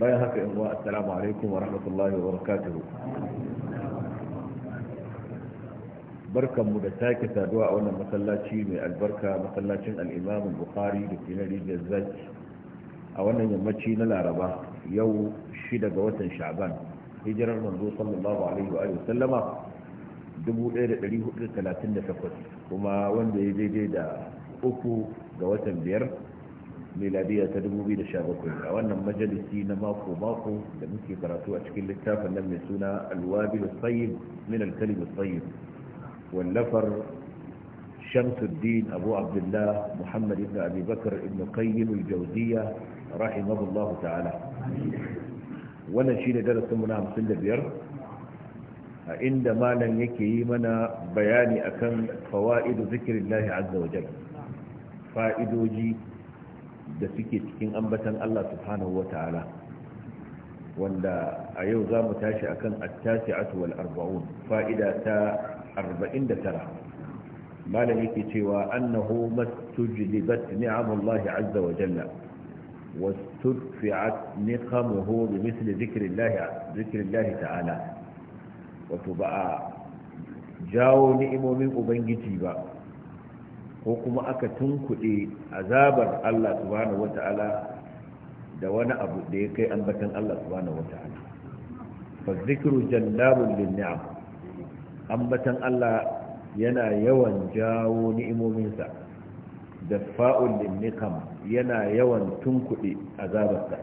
bayan haka yan wa assalamu alaikum wa rahmatullahi wa barakatuhu barkanmu da sake saduwa a wannan masallaci mai albarka masallacin al-Imam Bukhari da ke da a wannan yammaci na Laraba yau shida daga watan Sha'ban hijirar manzo sallallahu alaihi wa sallama 1438 kuma wanda ya daidai da uku ga watan biyar miladiya ta 2017 a wannan majalisi na mako mako da muke karatu a cikin littafin nan mai suna da tsayin min alkali da tsayin. wallafar shamsuddin abu abdullah muhammad ibn abi ibn qayyim al rahimahullahu ta'ala wannan shine darasin mu na biyar. a inda malam yake yi mana bayani akan fawa'idu zikirin lahi azza wa fa'idoji da suke cikin ambatan Allah subhanahu ta'ala. wanda a yau za mu tashi a kan tasiatu wal arba'un fa'ida ta tara. malami yake cewa annahu mastujlibat ni'amallahi azza wa jalla واستدفعت نقمه بمثل ذكر الله ذكر الله تعالى وتبقى jawo ni'imomin ubangiji ba ko kuma aka tunkuɗe azabar Allah subhanahu wata'ala da wani abu da ya kai ambatan Allah subhanahu wata'ala fa zikru jannabun lin ni'am ambatan Allah yana yawan jawo ni'imominsa da fa'ul lin nikam yana yawan tunkuɗe azabarsa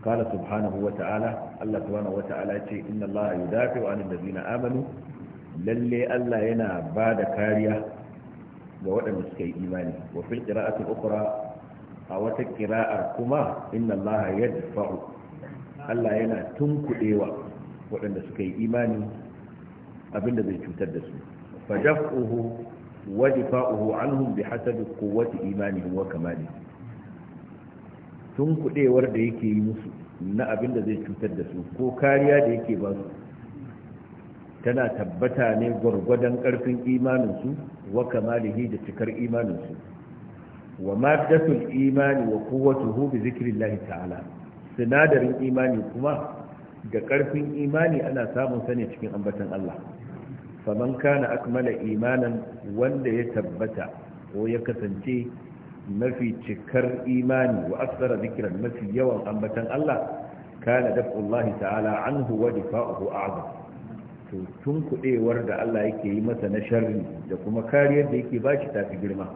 قال سبحانه وتعالى الله سبحانه وتعالى ce inna Allah yudafi wa anil ladina amanu lalle Allah yana bada kariya ga waɗanda suka yi imani wa fil qira'ati ukhra a wata qira'ar kuma inna allaha yadfa'u Allah yana tunkudewa waɗanda suka yi imani abinda zai cutar da su fa daf'uhu wa difa'uhu anhum bihasabi quwwati imanihim wa kamalihim tunkudewar da yake yi musu na abinda zai cutar da su ko kariya da yake ba su tana tabbata ne gwargwadon ƙarfin imaninsu wa kamalihi da cikar imaninsu wa maddatul imani wa quwwatuhu bi zikrillah ta'ala sinadarin imani kuma da ƙarfin imani ana samun sa ne cikin ambatan Allah faman kana akmala imanan wanda ya tabbata ko ya kasance mafi cikar imani wa aksara zikiran mafi yawan ambatan Allah kana dafullahi ta'ala anhu wa difa'uhu a'zam to tun kuɗewar da Allah yake yi masa na sharri da kuma kariyar da yake ba shi ta fi girma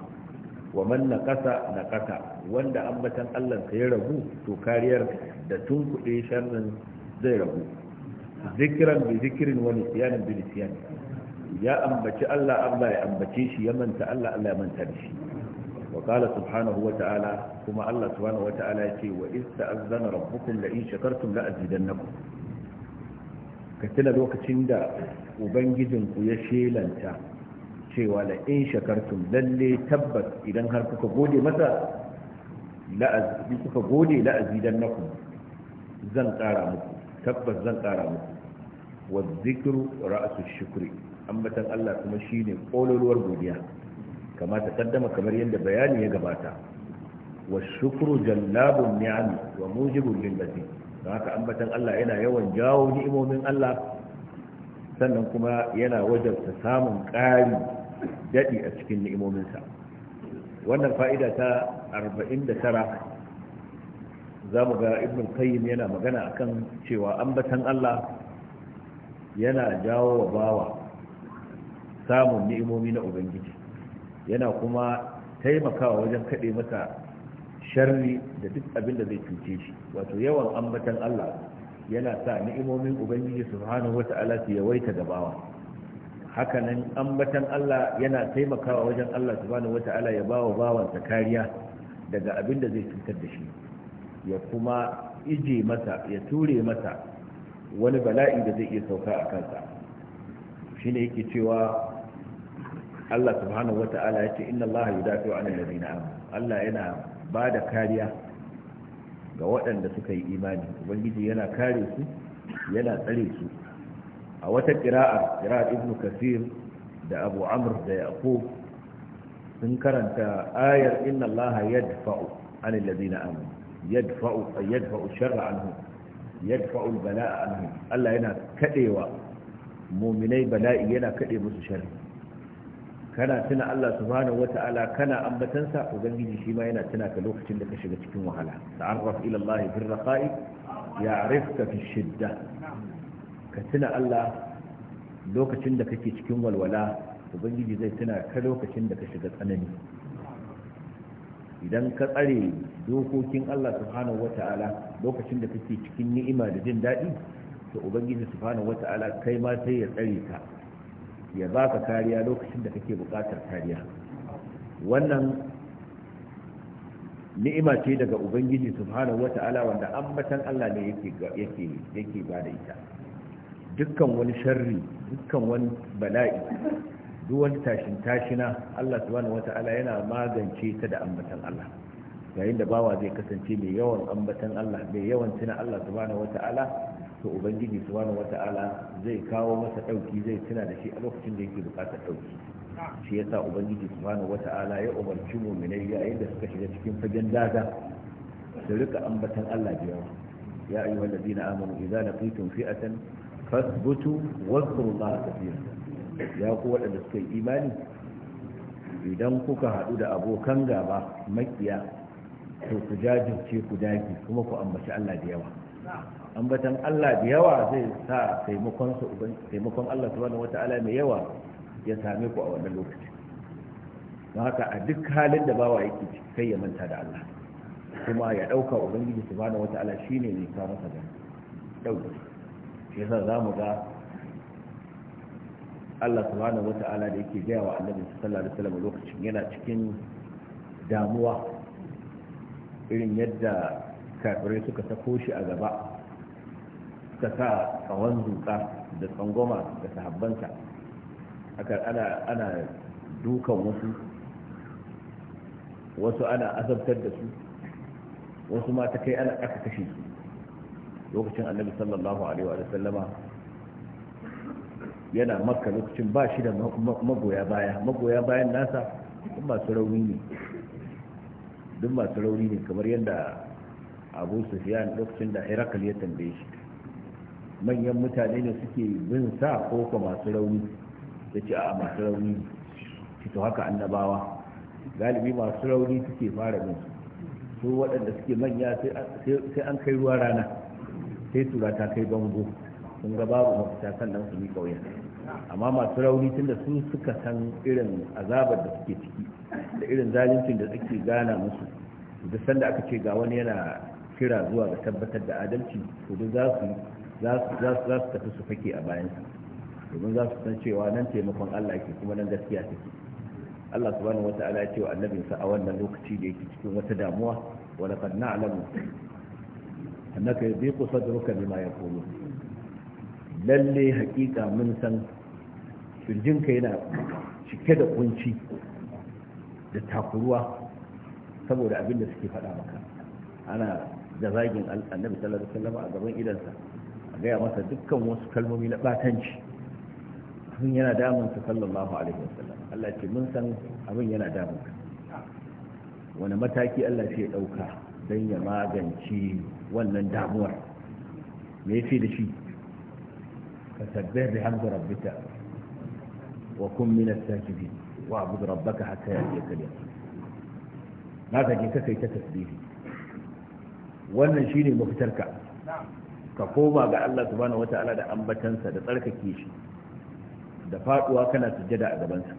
wa man na ƙasa wanda ambatan Allah ka ya rabu to kariyar da tun kuɗe sharrin zai rabu zikran bi zikrin wa nisyanan bi siyan. ya ambaci Allah Allah ya ambace shi ya manta Allah Allah ya manta da shi Subhanahu wa ta'ala kuma وقال سبحانه وتعالى كما الله سبحانه وتعالى يقول وإذ تأذن ربكم لئن شكرتم لأزيدنكم ka tuna lokacin da ubangijinku ya shelanta cewa la in shakartum lalle tabbas idan har kuka gode masa la'azi kuka gode la'azi dan naku zan kara muku tabbas zan kara muku wa zikru ra'su shukri ambatan Allah kuma shine kololuwar godiya kama ta kaddama kamar yadda bayani ya gabata wa shukru jallabun ni'am wa mujibun lil don haka ambatan Allah yana yawan jawo ni'imomin Allah sannan kuma yana wajarta samun ƙari daɗi a cikin ni'imominsa wannan fa'ida ta 49 za mu ga ibn qayyim yana magana akan cewa ambatan Allah yana jawo wa bawa samun ni'imomi na ubangiji yana kuma taimakawa wajen kaɗe masa sharri da duk abin da zai cuce shi wato yawan ambatan Allah yana sa ni'imomin ubangiji subhanahu wata'ala su yawaita da bawa hakanan ambatan Allah yana taimakawa wajen Allah subhanahu wata'ala ya bawa bawansa kariya daga abin da zai cutar da shi ya kuma ije masa ya ture masa wani bala'i da zai iya sauka a kansa shine yake cewa Allah subhanahu wata'ala ya ce inna Allah yudafi wa 'anil ladina amanu Allah yana ba da kariya ga waɗanda suka yi imani ubangiji yana kare su yana tsare su a wata ƙira'a ƙira'ar ibn kasir da abu amr da yaƙo sun karanta ayar inna allaha yadfa'u an allazina amanu yadfa'u yadfa'u sharra anhum yadfa'u Bala'a anhum Allah yana kadewa mu'minai bala'i yana kade musu sharri kana tuna Allah subhanahu wata'ala kana ambatansa ubangiji shi ma yana tuna ka lokacin da ka shiga cikin wahala ta'arraf ila Allah fi raqa'i ya'rifka fi shidda ka tuna Allah lokacin da kake cikin walwala ubangiji zai tuna ka lokacin da ka shiga tsanani idan ka tsare dokokin Allah subhanahu lokacin da kake cikin ni'ima da jin daɗi to ubangiji subhanahu kai ma sai ya tsare ka ya baka kariya lokacin da kake buƙatar kariya wannan ni'ima ce daga ubangiji subhanahu ta'ala, wanda ambatan Allah ne yake bada ita dukkan wani sharri dukkan wani bala'i duk wani tashin tashina Allah subhanahu ta'ala yana magance ta da ambatan Allah yayin da bawa zai kasance mai yawan ambatan Allah mai yawan tuna Allah subhanahu ta'ala. to ubangiji subhanahu wata'ala zai kawo masa dauki zai tuna da shi a lokacin da yake bukatar dauki shi yasa ubangiji subhanahu wata'ala ya umarci mu'minai yayin da suka shiga cikin fagen dada su rika ambatan Allah da yawa ya ayyuhal ladina amanu idza laqitum fi'atan fasbutu wadhkurullaha kathiran ya ku waɗanda suka yi imani idan kuka haɗu da abokan gaba makiya to ku jajirce ku dage kuma ku ambaci Allah da yawa ambatan Allah da yawa zai sa taimakon uban taimakon Allah subhanahu wata'ala mai yawa ya same ku a wannan lokaci don haka a duk halin da bawa yake kai ya manta da Allah kuma ya dauka ubangiji subhanahu wata'ala shine ne ka masa da dauki shi yasa zamu ga Allah subhanahu wata'ala da yake gaya wa annabi sallallahu alaihi wasallam lokacin yana cikin damuwa irin yadda kafirai suka sako shi a gaba ta sa tsawon zuka da tsangoma da sahabbanta, haka ana ana dukan wasu wasu ana azabtar da su wasu ma ta kai ana aka kashe su lokacin annabi sallallahu alaihi wa sallama yana makka lokacin ba shi da magoya baya magoya bayan nasa duk masu rauni ne duk masu rauni ne kamar yadda abu sufiyan lokacin da herakal ya tambaye shi manyan mutane ne suke bin sa ko ko masu rauni ya ce a masu rauni fito haka annabawa galibi masu rauni suke fara bin su waɗanda suke manya sai an kai ruwa rana sai tura ta kai bango sun ga babu mafita sannan su yi ƙauyen? amma masu rauni tun da su suka san irin azabar da suke ciki da irin zaluncin da suke gana musu da sanda aka ce ga wani yana kira zuwa ga tabbatar da adalci to duk za su za su tafi su fake a bayansa domin za su san cewa nan taimakon Allah ke kuma nan gaskiya take Allah subhanahu wata'ala ya ce wa annabinsa a wannan lokaci da yake cikin wata damuwa wa laqad na'lamu annaka yadhiqu sadruka bima yaqulu lalle haqiqa mun san kai yana cike da kunci da takuruwa saboda abin da suke faɗa maka ana da zagin annabi sallallahu alaihi wasallam a gaban idansa gaya masa dukkan wasu kalmomi na batanci abin yana damun sallallahu alaihi wasallam Allah ce mun san abin yana damun ka wani mataki Allah ce ɗauka dan ya magance wannan damuwar me yace da shi ka sabbih bi hamdi rabbika wa kun min sajidin wa abud rabbaka hatta yatiyaka al na ka je ka kai ta tasbihi wannan shine mafitarka na'am ka koma ga Allah subhanahu wata'ala da ambatansa da tsarkake shi da faduwa kana sujjada a gabansa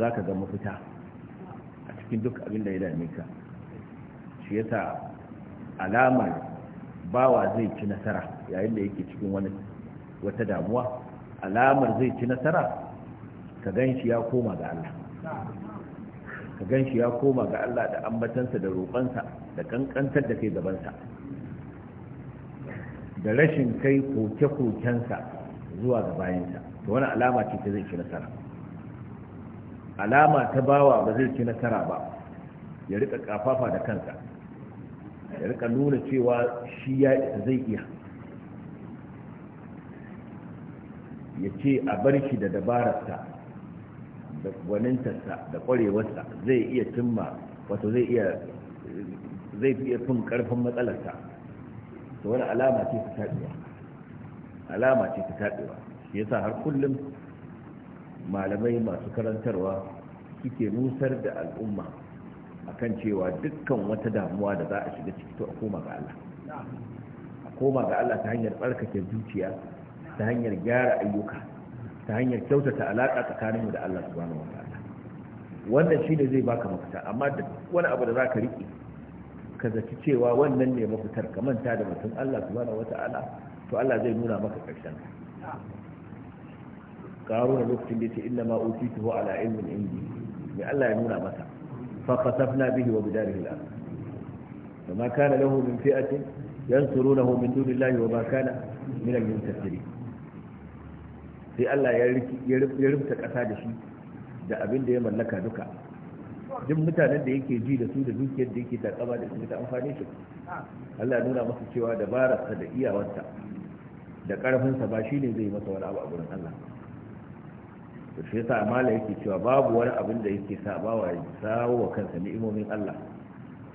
za ka ga mafita a cikin duk abin da ya dame ka shi yasa alamar bawa zai ci nasara yayin da yake cikin wani wata damuwa alamar zai ci nasara ka gan shi ya koma ga Allah ka gan shi ya koma ga Allah da ambatansa da roƙonsa da kankantar da kai gabansa da rashin kai koke-kokensa zuwa ga bayansa to wani alama ce ta zai ci nasara alama ta bawa ba zai ci nasara ba ya rika kafafa da kansa ya rika nuna cewa shi ya zai iya ya ce a bar shi da dabararsa da gwanintarsa da kwarewarsa zai iya cimma wato zai iya fin ƙarfin matsalarsa to wani alama ce ta taɗewa alama ce ta taɗewa shi yasa har kullum malamai masu karantarwa suke nusar da al'umma akan cewa dukkan wata damuwa da za a shiga ciki to a koma ga Allah a koma ga Allah ta hanyar barkake zuciya ta hanyar gyara ayyuka ta hanyar kyautata alaka tsakaninmu da Allah subhanahu wa ta'ala wannan shine zai baka mafita amma duk wani abu da zaka rike ka zaci cewa wannan ne mafitar ka manta da mutum Allah subhanahu wata'ala to Allah zai nuna maka ƙarshen karshen karuna lokacin da ce inna ma utituhu ala ilmin indi me Allah ya nuna masa fa na bihi wa bidarihi al-ard فما كان له من فئة ينصرونه من دون الله وما كان من المنتصرين sai Allah ya rubta ƙasa da shi da abin da ya mallaka duka duk mutanen da yake ji da su da dukiyar da yake takaba da su ta amfani shi Allah nuna masa cewa dabararsa da iyawarsa da karfinsa ba shi ne zai masa wani abu a gurin Allah to shi yasa amala yake cewa babu wani abin da yake sa bawa ya sawo wa kansa ni'imomin Allah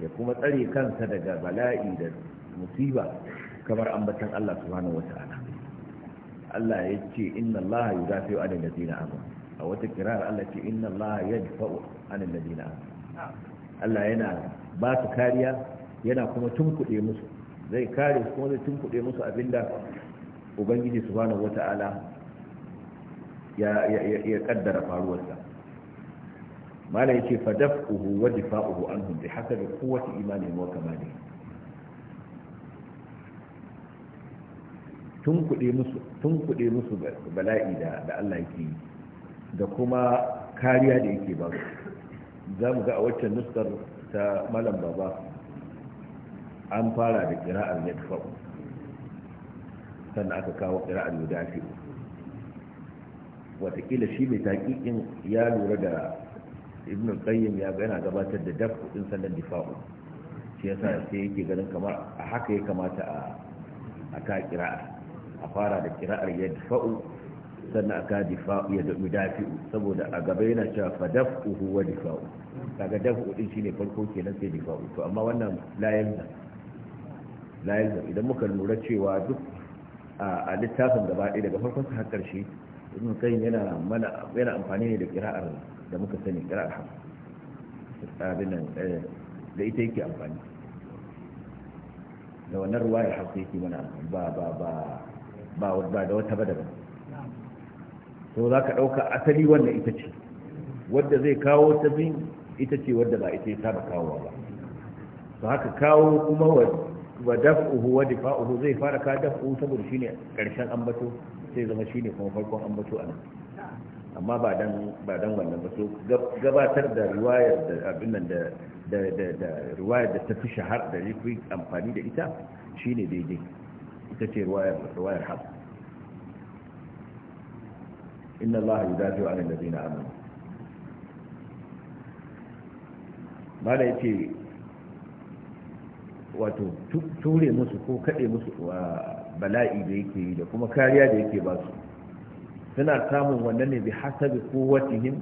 ya kuma tsare kansa daga bala'i da musiba kamar ambatan Allah subhanahu wata'ala Allah ya ce inna Allah yudafi'u wa ladina amanu a wata kirar Allah ce inna Allah ya jifa'u an alladina Allah yana ba su kariya yana kuma tunkuɗe musu zai kare su kuma zai tunkuɗe musu abinda ubangiji su subhanahu wata'ala ya ya kaddara faruwarsa ya ce fa daf daf'uhu wa difa'uhu an bi haka da imanihim wa kamalihim tunkuɗe musu tunkuɗe musu bala'i da Allah yake yi da kuma kariya da yake ba za mu ga a waccan nuskar ta malam baba an fara da kira'ar yadfa'u sannan aka kawo kira'ar dafi watakila shi mai taƙiƙin ya lura da ibn qayyim ya ga yana gabatar da dafu din sannan difa'u shi yasa sai yake ganin kamar a haka ya kamata a ta kira'ar a fara da kira'ar ya difa'u sannan aka difa'u ya dafi’u saboda a gaba yana cewa fa daf'uhu wa difa'u daga daf'u din shine farko kenan sai difa'u to amma wannan la yalza la yalza idan muka lura cewa duk a littafin gaba ɗaya daga farkon har ƙarshe ibn kai yana mana yana amfani ne da qira'ar da muka sani qira'ar ha abin nan eh, da ita yake amfani da wannan ruwayar hafs yake mana ba ba ba ba da wata ba daban to za ka ɗauka asali wannan ita ce wadda zai kawo ta bin ita ce wadda ba ita ya saba kawowa ba to haka kawo kuma wa daf'uhu wa difa'uhu zai fara ka daf'u saboda shine karshen ambato sai zama shine kuma farkon ambato anan amma ba dan ba dan wannan ba so gabatar da riwayar da abin nan da da da da riwayar da ta fi shahar da yafi amfani da ita shine daidai ita ce riwayar riwayar hafs inna allaha yudafi wa alladhina amanu mala yace wato ture musu ko kade musu bala'i da yake yi da kuma kariya da yake ba su suna samun wannan ne bi hasabi quwwatihim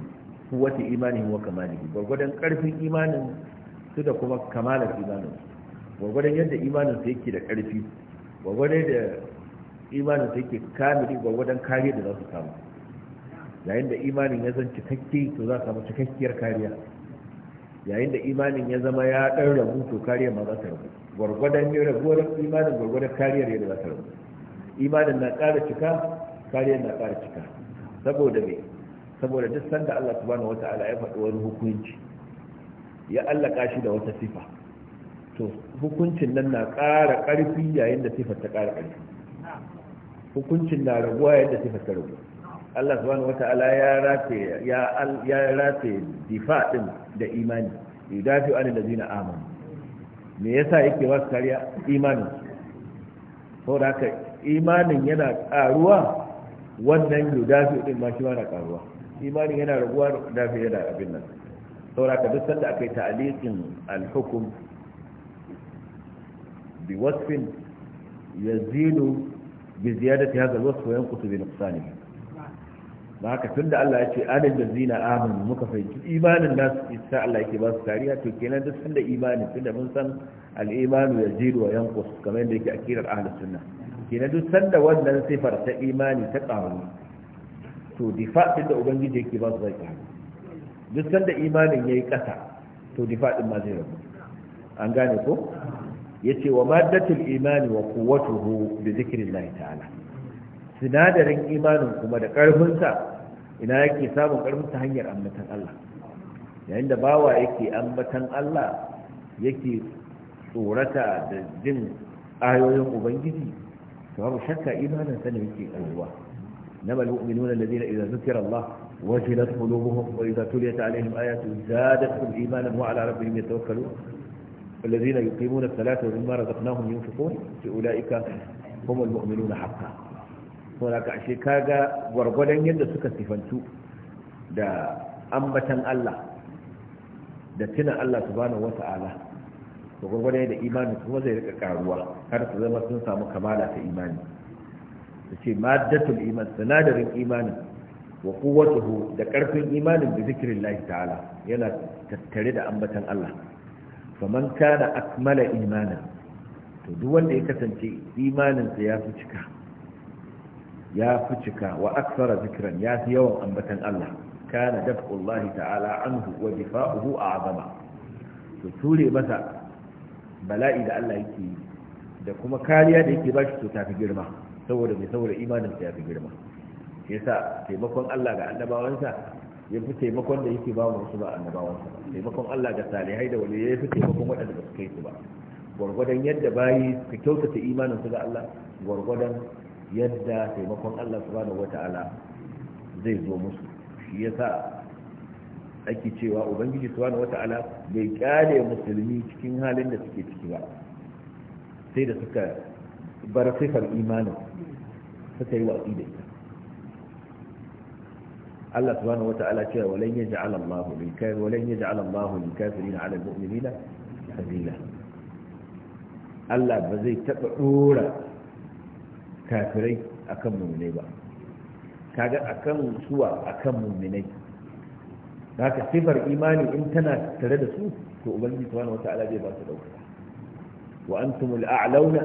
quwwati imanihim wa kamalihim gurgurdan karfin imanin su da kuma kamalar imanin su gurgurdan yadda imanin su yake da karfi gurgurdan da imanin su yake kamili gurgurdan kariya da za su samu yayin da imanin ya zan cikakke to za samu cikakkiyar kariya yayin da imanin ya zama ya ɗan rabu to kariyar ma za ta rabu gwargwadon ne raguwar imanin gwargwadon kariyar yadda za ta rabu imanin na ƙara cika kariyar na ƙara cika saboda me saboda duk sanda Allah subhanahu wata'ala ya faɗi wani hukunci ya allaka shi da wata sifa to hukuncin nan na ƙara ƙarfi yayin da sifar ta ƙara ƙarfi hukuncin na raguwa yayin da sifar ta raguwa Allah subhanahu wa ta'ala ya rafe ya ya rafe difa din da imani yudafi an allazina amanu me yasa yake wasu kariya imani ko da haka imanin yana karuwa wannan yudafi din ma shi yana karuwa imanin yana raguwa da fi yana abin nan saboda ka duk sanda akai ta'liqin al-hukm bi wasfin yazidu bi ziyadati hadha al-wasf wa yanqutu bi nuqsanihi ba haka da Allah ya ce adal da zina amanu muka fahimci imanin nasu isa Allah yake ba su kariya to kenan duk sanda imani da mun san al ya jiru wa yanqus kamar yadda yake a akirar ahlus sunna kenan duk sanda wannan sifar ta imani ta kawo to difa din da ubangiji yake ba su zai kawo duk sanda imanin ya yi ƙasa to difa din ma zai rabu an gane ko ce wa maddatul imani wa quwwatuhu bi dhikrillah ta'ala sinadarin imanin kuma da ƙarfinsa ina yake samun ƙarfin ta hanyar ambatan Allah yayin da bawa yake ambatan Allah yake tsorata da jin ayoyin ubangiji to babu shakka imanin sa ne yake ƙaruwa namal mu'minuna alladhina idza zukira Allah wajilat qulubuhum wa idza tuliyat alaihim ayatu zadatkum imanan wa ala rabbihim yatawakkalun الذين يقيمون الصلاة ومما رزقناهم ينفقون أولئك هم المؤمنون حقا saboda ka ashe kaga gwargwadon yadda suka sifantu da ambatan Allah da tunan Allah subhanahu wata'ala to gwargwadon da imani kuma zai rika karuwa har su zama sun samu kamala ta imani ta ce maddatul iman sinadarin imanin wa kuwatuhu da karfin imanin bi zikirin ta'ala yana tattare da ambatan Allah faman kana akmala imanin to duk wanda ya kasance imaninsa ya fi cika ya fi cika wa aksara zikiran ya fi yawan ambatan Allah kana daf'ullahi ta'ala anhu wa difa'uhu a'zama Su ture masa bala'i da Allah yake yi da kuma kariya da yake bashi to ta fi girma saboda mai saboda imanin ya fi girma sa taimakon Allah ga annabawansa ya fi taimakon da yake ba mu su ba annabawansa taimakon Allah ga salihai da wani ya fi taimakon waɗanda ba su kai su ba gwargwadon yadda bayi suka kyautata imanin su ga Allah gwargwadon yadda taimakon Allah subhanahu wata'ala zai zo musu shi yasa ake cewa ubangiji subhanahu wata'ala bai kyale musulmi cikin halin da suke ciki ba sai da suka bar sifar imanin suka yi watsi da ita Allah subhanahu wata'ala cewa walan yaj'al Allahu lil kafirin walan yaj'al Allahu lil kafirin 'ala al-mu'minina sabila Allah ba zai taɓa ɗora kafirai akan muminai ba kaga akan suwa akan muminai haka sifar imani in tana tare da su to ubangiji subhanahu wata'ala zai ba su dauka wa an antumul a'launa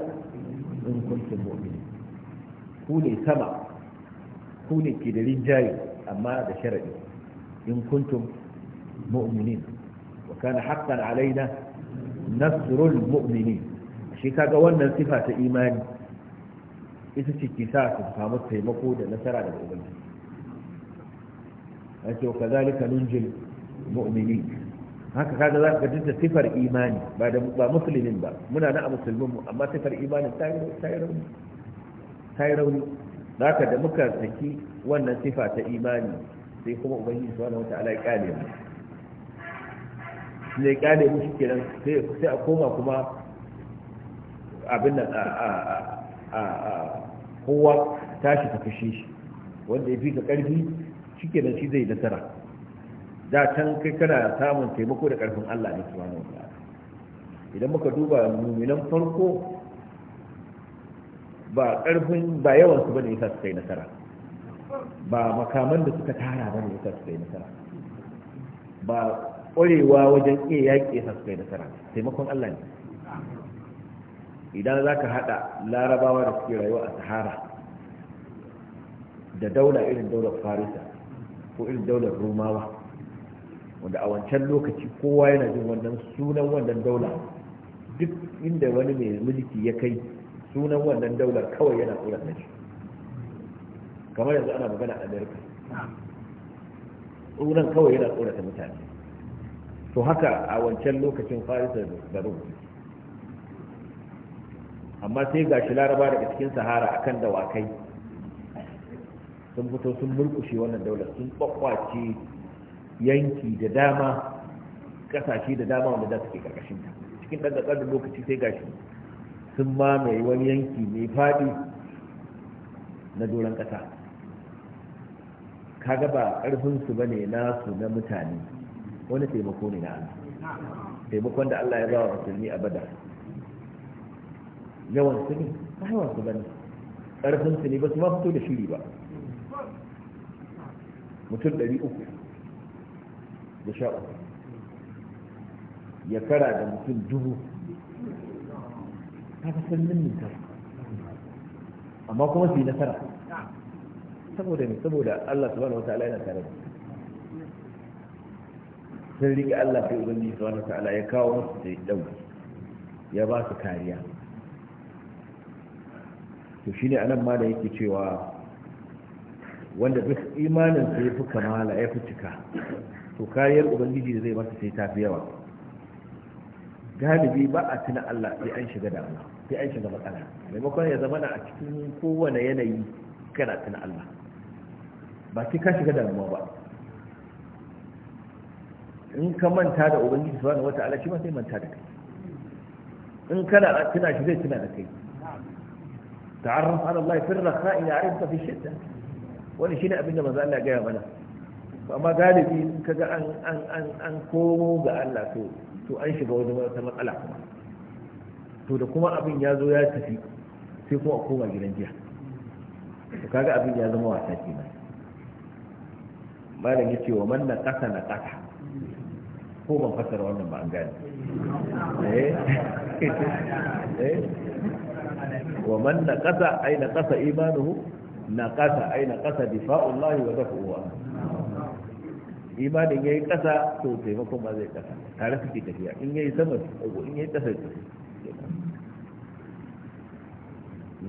in kuntum mu'minin ku ne sama ku ne ke da rinjaye amma da sharadi in kuntum mu'minin wa kana haqqan alaina nasrul mu'minin shi kaga wannan sifa ta imani ita ce ke sa su samu taimako da nasara daga ubangi a ce wa kazalika nunjil mu'mini haka kaga za ka dinta sifar imani ba da ba musulmin ba muna na a musulmin mu amma sifar imani ta yi rauni ta yi rauni haka da muka saki wannan sifa ta imani sai kuma ubangiji subhanahu wata'ala ya ne mu ne ya mu shi shikenan sai a koma kuma abin nan a kowa tashi ta kashe shi wanda ya fi ka karfi shike nan shi zai nasara da can kai kana samun taimako da karfin Allah ne su wani wata idan muka duba muminan farko ba karfin ba yawan su bane yasa su kai nasara ba makaman da suka tara bane yasa su kai nasara ba ƙwarewa wajen iya yaƙi yasa su kai nasara taimakon Allah ne idan za ka haɗa larabawa da suke rayuwa a sahara da daula irin daular farisa ko irin daular romawa wanda a wancan lokaci kowa yana jin wannan sunan wannan daula duk inda wani mai mulki ya kai sunan wannan daular kawai yana tsoron shi kamar yanzu ana magana amerika sunan kawai yana tsorata mutane to haka a wancan lokacin farisa da rubutu amma sai ga shi laraba daga cikin sahara akan dawakai sun fito sun murkushe wannan daular sun kwakwace yanki da dama kasashe da dama wanda za su ke karkashin ta cikin ɗan ƙasar lokaci sai gashi sun mamaye wani yanki mai faɗi na doron ƙasa kaga ba ƙarfinsu ba ne nasu na mutane wani taimako ne na Allah taimakon da Allah ya ba wa musulmi a badar yawan su ne ba yawan su bane karfin su ne ba su ma fito da shiri ba mutum ɗari uku da sha uku ya kara da mutum dubu ta fi sannin mintar amma kuma su yi nasara saboda ne saboda Allah subhanahu wa ta'ala yana tare da sun riƙe Allah sai ubangiji subhanahu wa ta'ala ya kawo musu da dauki ya ba su kariya to shi ne anan ma da yake cewa wanda duk imanin sai fi kamala fi cika to kariyar ubangiji da zai masa sai ta fi yawa galibi ba a tuna Allah sai an shiga damuwa sai an shiga matsala maimakon ya zama na a cikin kowane yanayi kana tuna Allah ba sai ka shiga damuwa ba in ka manta da ubangiji subhanahu wataala shi ma sai manta da kai in kana tuna shi zai tuna da kai ta'arraf ala Allah fi rakha'i ya'rifuka fi shidda wani shi shine abinda maza Allah ya gaya mana amma galibi kaga an an an an komo ga Allah to to an shiga wani wata matsala kuma to da kuma abin ya zo ya tafi sai kuma a koma gidan jiya to kaga abin ya zama wasa kenan malam yace wa man na kasa na kasa ko ban fasara wannan ba an gane eh eh wa man naqasa ay imanuhu naqasa ay naqasa difa'ullahi wa dafu'uhu imanin yayi kasa to taimakon ba zai kasa tare suke tafiya in yayi sama in yayi kasa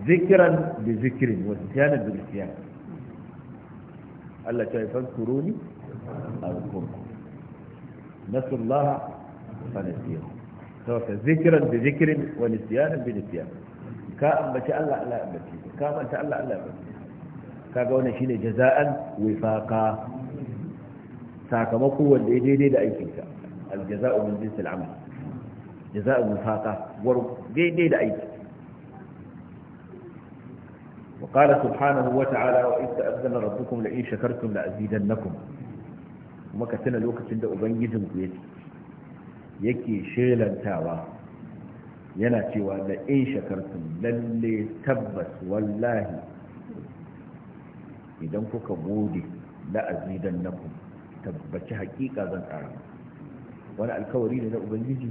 zikiran bi zikirin wa siyanan bi siyan Allah ta yafan kuruni a zikiran bi zikirin siyanan bi siyan ka ambaci Allah Allah ambaci ka manta Allah Allah ambaci kaga wannan shine jaza'an wifaqa sakamako wanda ya daidai da aikinka aljaza'u min jinsi al'amal jaza'u wifaqa war daidai da aiki وقال سبحانه وتعالى وإذ تأذن ربكم لئن شكرتم لأزيدنكم وما كتنا لوكتين ده أبنجزم كويتي yake shelantawa yana cewa da in shakartum lalle tabbas wallahi idan kuka gode la'azidan naku tabbaci hakika zan tsara. wani alkawari ne na ubangiji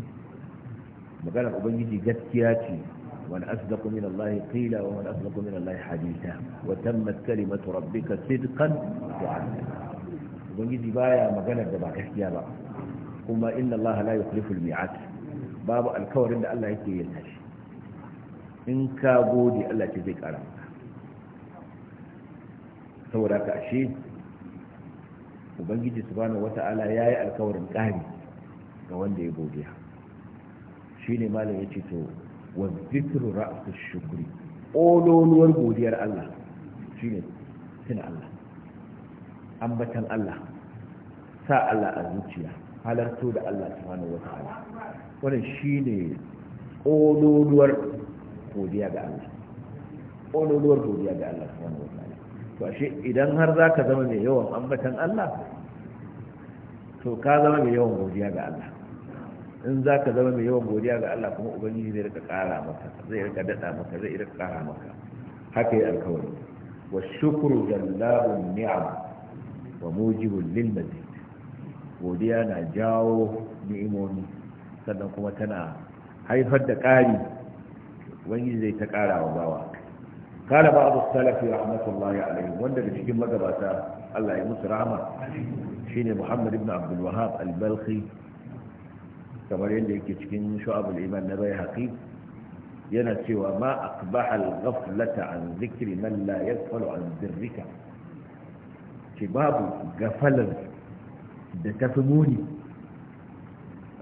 maganar ubangiji gaskiya ce wani asdaqu min Allah qila wa wani asdaqu min Allah haditha wa tammat kalimatu rabbika sidqan wa adla ubangiji baya maganar da ba gaskiya ba kuma inna Allah la yukhlifu al-mi'ad babu alkawarin da Allah yake yin tashi in ka gode Allah ce zai kara maka saboda ka ashe ubangiji subhanahu wata'ala yayi alkawarin kari ga wanda ya godiya shine malam yace to wa zikru ra'su shukri ololuwar godiyar Allah shine tuna Allah ambatan Allah sa Allah a zuciya halarto da Allah subhanahu wata'ala wannan ne ƙololuwar godiya ga Allah ƙololuwar godiya ga Allah subhanahu wataala to ashe idan har za ka zama mai yawan ambatan Allah to ka zama mai yawan godiya ga Allah in za ka zama mai yawan godiya ga Allah kuma ubangiji zai rika ƙara maka zai rika daɗa maka zai rika ƙara maka haka yi alkawari wa shukru jallabun ni'am wa mujibul lil mazid godiya na jawo ni'imomi sannan kuma tana haifar da ƙari wani zai ta ƙara wa bawa kala ba abu salafi rahmatullahi alaihi wanda da cikin magabata Allah ya musu rahama shine Muhammad ibn Abdul Wahhab al-Balkhi kamar yadda yake cikin shu'abul iman na haƙi. yana cewa ma akbaha al-ghaflata an zikri man la yaghfalu an dhirrika Ke babu gafalar da tafi muni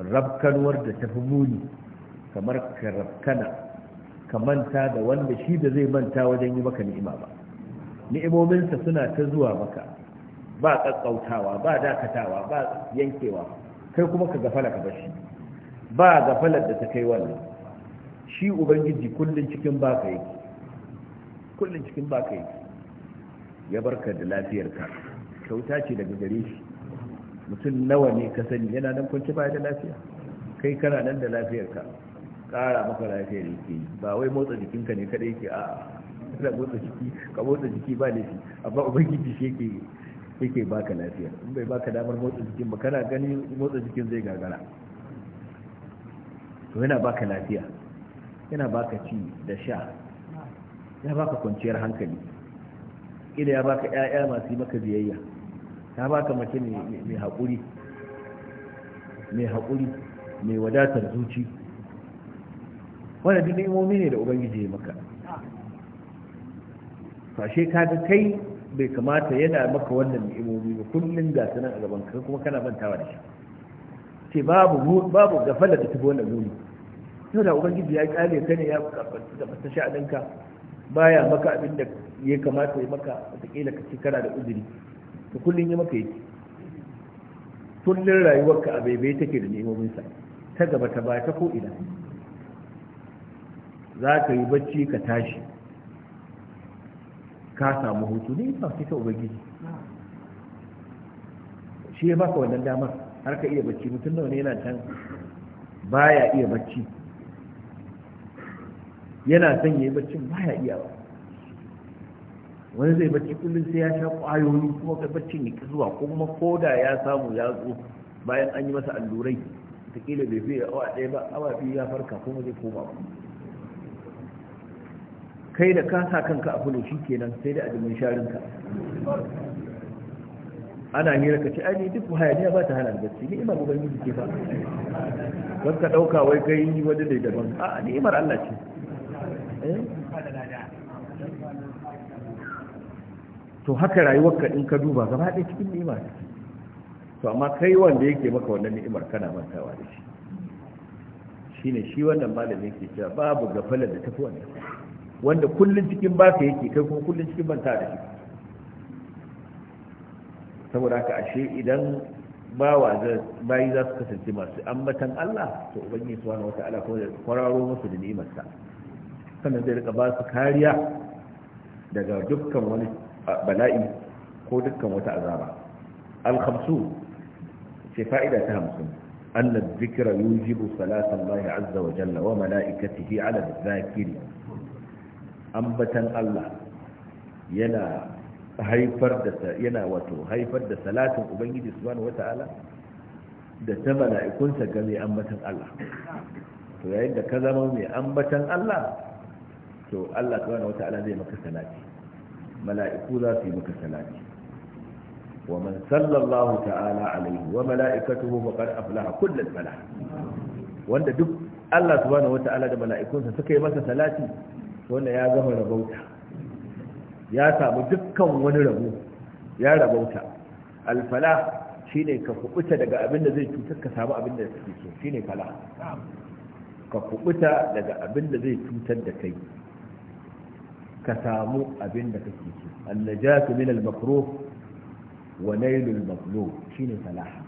rabkanwar da ta fi muni kamar ka rabkana ka manta da wanda shi da zai manta wajen yi maka ni'ima ba ni'imominsa suna ta zuwa maka ba kakkautawa ba dakatawa ba yankewa kai kuma ka gafala ka bashi ba gafalar da ta kai wannan shi ubangiji kullum cikin baka yake kullum cikin baka yake ya barka da lafiyarka kyauta ce daga gare shi mutum nawa ne ka sani yana nan kwanci baya da lafiya kai kana nan da lafiyarka kara maka lafiyar yake yi ba wai motsa jikinka ne kada yake a kada motsa jiki ka motsa jiki ba ne amma ubangiji shi yake yake baka lafiya in bai baka damar motsa jikin ba kana gani motsa jikin zai gagara to yana baka lafiya yana baka ci da sha ya baka kwanciyar hankali ina ya baka ƴaƴa masu yi maka biyayya ta baka mace mai haƙuri mai haƙuri mai wadatar zuci wanda duk ni'imomi ne da ubangiji ya maka fashe ka ga kai bai kamata yana maka wannan ni'imomi ba kullum ga su nan a gaban ka kuma kana bantawa da shi ce babu babu gafala da tafi wannan muni yau da ubangiji ya kyale ka ne ya ta ba baya maka abin da ya kamata ya maka wataƙila ka ce kana da uzuri ta kullum yi maka yake kullun rayuwarka a baibaye take da nemominsa ta gaba ta baya ta ko ina za ka yi bacci ka tashi ka samu hutu ne ba sai ta ubangiji shi ya baka wannan damar har ka iya bacci mutum nawa ne yana can baya iya bacci yana son ya yi baccin baya iya ba wani zai bacci kullum sai ya sha ƙwayoyi kuma kai ne ki zuwa kuma koda ya samu ya zo bayan an yi masa allurai takila bai fiye awa ɗaya ba awa biyu ya farka kuma zai koma ba kai da ka sa kanka a fulo shi kenan sai da ajimin sharinka ana hira ka ce ainihi duk hayaniya ba ta hana bacci ni imar yin ke ba don ka ɗauka wai kai wani ne daban a ni'imar Allah ce eh? to haka rayuwarka in ka duba gaba ɗaya cikin ni'ima take to amma kai wanda yake maka wannan ni'imar kana mantawa da shi shine shi wannan malami yake cewa babu gafala da tafi wannan wanda kullun cikin baka yake kai kuma kullun cikin banta da shi saboda haka ashe idan bawa bayi za su kasance masu ambatan Allah to ubangiji subhanahu wata'ala ko da kwararo musu da ni'imarsa sannan zai rika ba su kariya daga dukkan wani bala'i ko dukkan wata azaba al-khamsu ce fa'ida ta hamsin. anna dhikra yujibu salata Allah azza wa jalla wa mala'ikatihi 'ala adh-dhakiri ambatan Allah yana haifar da yana wato haifar da salatin ubangiji subhanahu wata'ala da ta mala'ikunsa game ambatan Allah to yayin da ka zama mai ambatan Allah to Allah subhanahu wata'ala zai maka salati mala'iku za su yi maka salati wa man sallallahu ta'ala alaihi wa mala'ikatuhu faqad aflaha kullal falah wanda duk Allah subhanahu wata'ala da mala'ikunsa suka yi masa salati wanda ya zama rabauta ya samu dukkan wani rabo ya rabauta alfala shine ka kubuta daga abin da zai cutar ka samu abin da kake so shine fala ka kubuta daga abin da zai cutar da kai ka samu abin da kake ci annajatu min al-makruh wa nailul matlub shine salaha.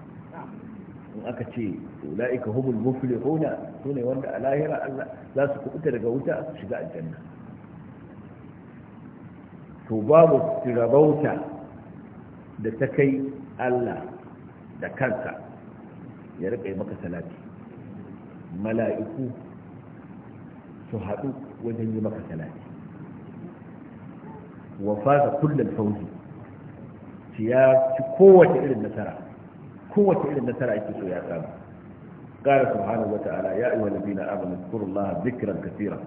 in aka ce ulaika humul muflihuna sune wanda a lahira Allah za su kubuta daga wuta su shiga aljanna to babu tirabauta da ta kai Allah da kanka ya rika yi maka salati mala'iku su haɗu wajen yi maka salati Wafasa kullum kullal shi ya ci kowace irin nasara kowace irin nasara ake so ya samu قال سبحانه وتعالى يا أيها الذين آمنوا اذكروا الله ذكرا كثيرا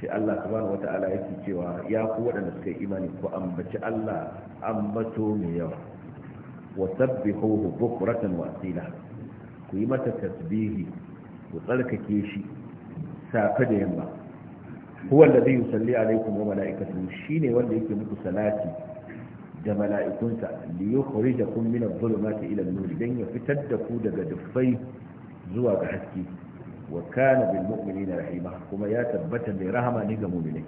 sai Allah subhanahu wata'ala yake cewa ya ku waɗanda suka yi imani ku ambaci Allah ambato mai yawa wa sabbihuhu bukratan wa asila ku yi mata tasbihi ku tsarkake shi safe da yamma huwa alladhi yusalli alaikum wa malaikatuhu shine wanda yake muku salati da mala'ikunsa li yukhrijakum min adh-dhulumati ila an-nur dan ya fitar da ku daga dufai zuwa ga haske wa kana bil mu'minina rahima kuma ya tabbata mai rahama ni ga mu'minai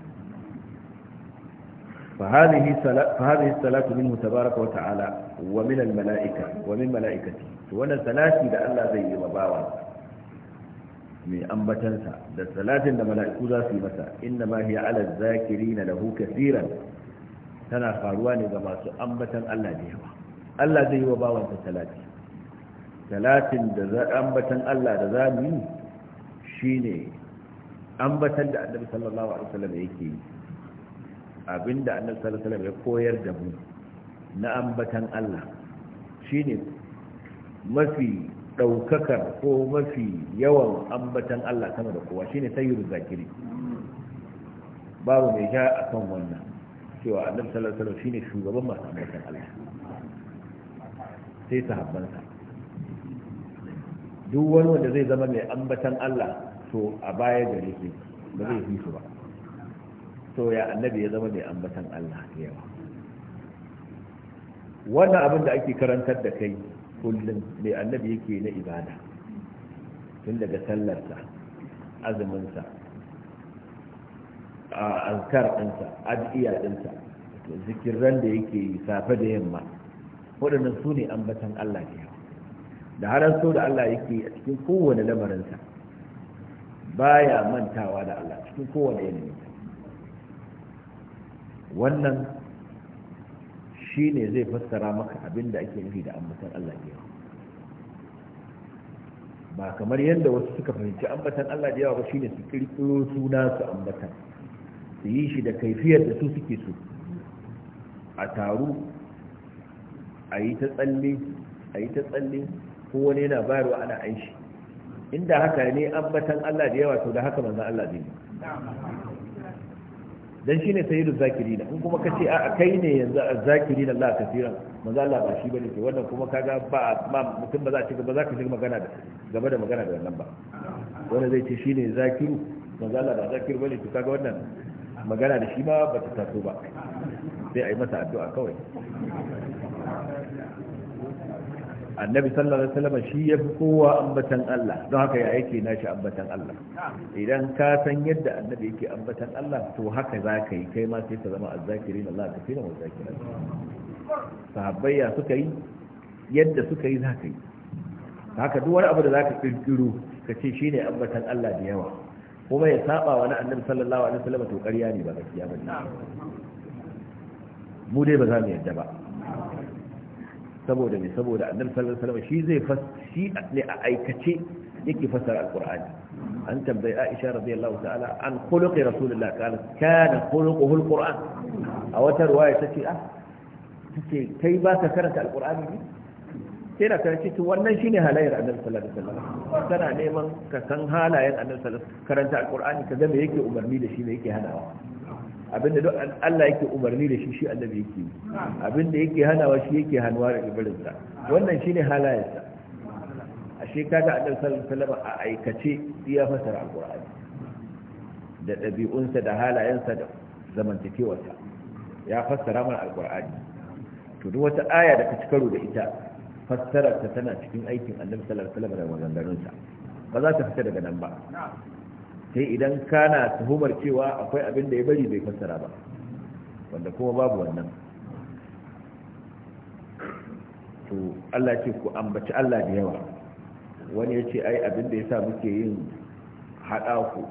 فهذه فهذه الصلاة منه تبارك وتعالى ومن الملائكة salati da allah zai yi زي وباوة mai ambatansa da salatin da mala'iku za su yi masa inna ma hiya ala zakirina lahu kaseeran tana faruwa ne ga masu ambatan Allah da yawa Allah zai yi wa bawansa salati Talatin da za ambatan Allah da za mu yi shine ambatan da Annabi sallallahu alaihi wasallam yake yi abinda Annabi sallallahu alaihi wasallam ya koyar da mu na ambatan Allah shine mafi daukakar ko mafi yawan ambatan Allah sama da kowa shine sayyidu zakiri babu mai sha a kan wannan cewa annabi sallallahu alaihi wasallam shine shugaban masu ambatan Allah sai sahabbansa duk wani wanda zai zama mai ambatan Allah to a baya da shi ba zai fi su ba to ya annabi ya zama mai ambatan Allah yawa wannan abin da ake karantar da kai kullum mai annabi yake na ibada tun daga sallarsa azuminsa a azkar ɗinsa adiya ɗinsa zikirran da yake yi safe da yamma waɗannan su ne ambatan Allah yawa. da har so da Allah yake a cikin kowane lamarinsa baya mantawa da Allah cikin kowane yanayi wannan shi ne zai fassara maka abin da ake nufi da ambatan Allah da yawa ba kamar yadda wasu suka fahimci ambatan Allah da yawa ba shi ne su kirkiro suna su ambatan su yi shi da kaifiyar da su suke su a taru a yi ta tsalle a yi ta tsalle ko wani yana bayarwa ana aishi inda haka ne ambatan Allah da yawa to da haka manzan Allah zai yi dan shine sayyidu zakirina in kuma kace a kai ne yanzu zakirina Allah kafiran manzo Allah ba shi bane ke wannan kuma kaga ba ba mutum ba za a ci gaba za ka shiga magana da gaba da magana da wannan ba wanda zai ce shine zakiru manzo Allah ba zakir bane ki kaga wannan magana da shi ba ba ta taso ba sai a yi masa addu'a kawai annabi sallallahu alaihi wasallam shi ya fi kowa ambatan Allah don haka ya yake nashi ambatan Allah idan ka san yadda annabi yake ambatan Allah to haka za ka yi kai ma sai ka zama azzakirin Allah ka fira wazzakirin sahabbai ya suka yi yadda suka yi za ka yi haka duk wani abu da za ka kirkiro ka ce shi ne ambatan Allah da yawa kuma ya saba wani annabi sallallahu alaihi wasallam to ƙarya ne ba gaskiya ba mu dai ba za mu yadda ba saboda mai saboda annabi sallallahu alaihi wasallam shi zai fas shi ne a aikace yake fasara alqur'ani an tambayi aisha radiyallahu ta'ala an khuluqi rasulullah kana kana khuluquhu alqur'an a wata riwaya tace ah tace kai ba ka karanta alqur'ani ne sai da karanci to wannan shine halayyar annabi sallallahu alaihi wasallam kana neman ka san halayen annabi sallallahu alaihi wasallam karanta alqur'ani ka ga me yake umarni da shi me yake hadawa abinda duk Allah yake umarni da shi shi annabi yake yi abinda yake hanawa shi yake hanwa da ibarinsa wannan shine halayensa ashe kaga annabi sallallahu alaihi wasallam a aikace ya fasara alqur'ani da ɗabi'unsa da halayensa da zamantakewarsa ya fassara mana alqur'ani to duk wata aya da ka ci karo da ita fassararta tana cikin aikin annabi sallallahu alaihi wasallam da maganganunsa ba za ta fita daga nan ba sai idan kana tuhumar cewa akwai abin da ya bari bai fassara ba wanda kuma babu wannan to Allah ce ku ambaci Allah da yawa wani ya ce ai abin da ya sa muke yin haɗa ku